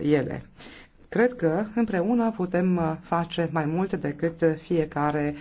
ele. Cred că împreună putem uh, face mai mult decât uh, fiecare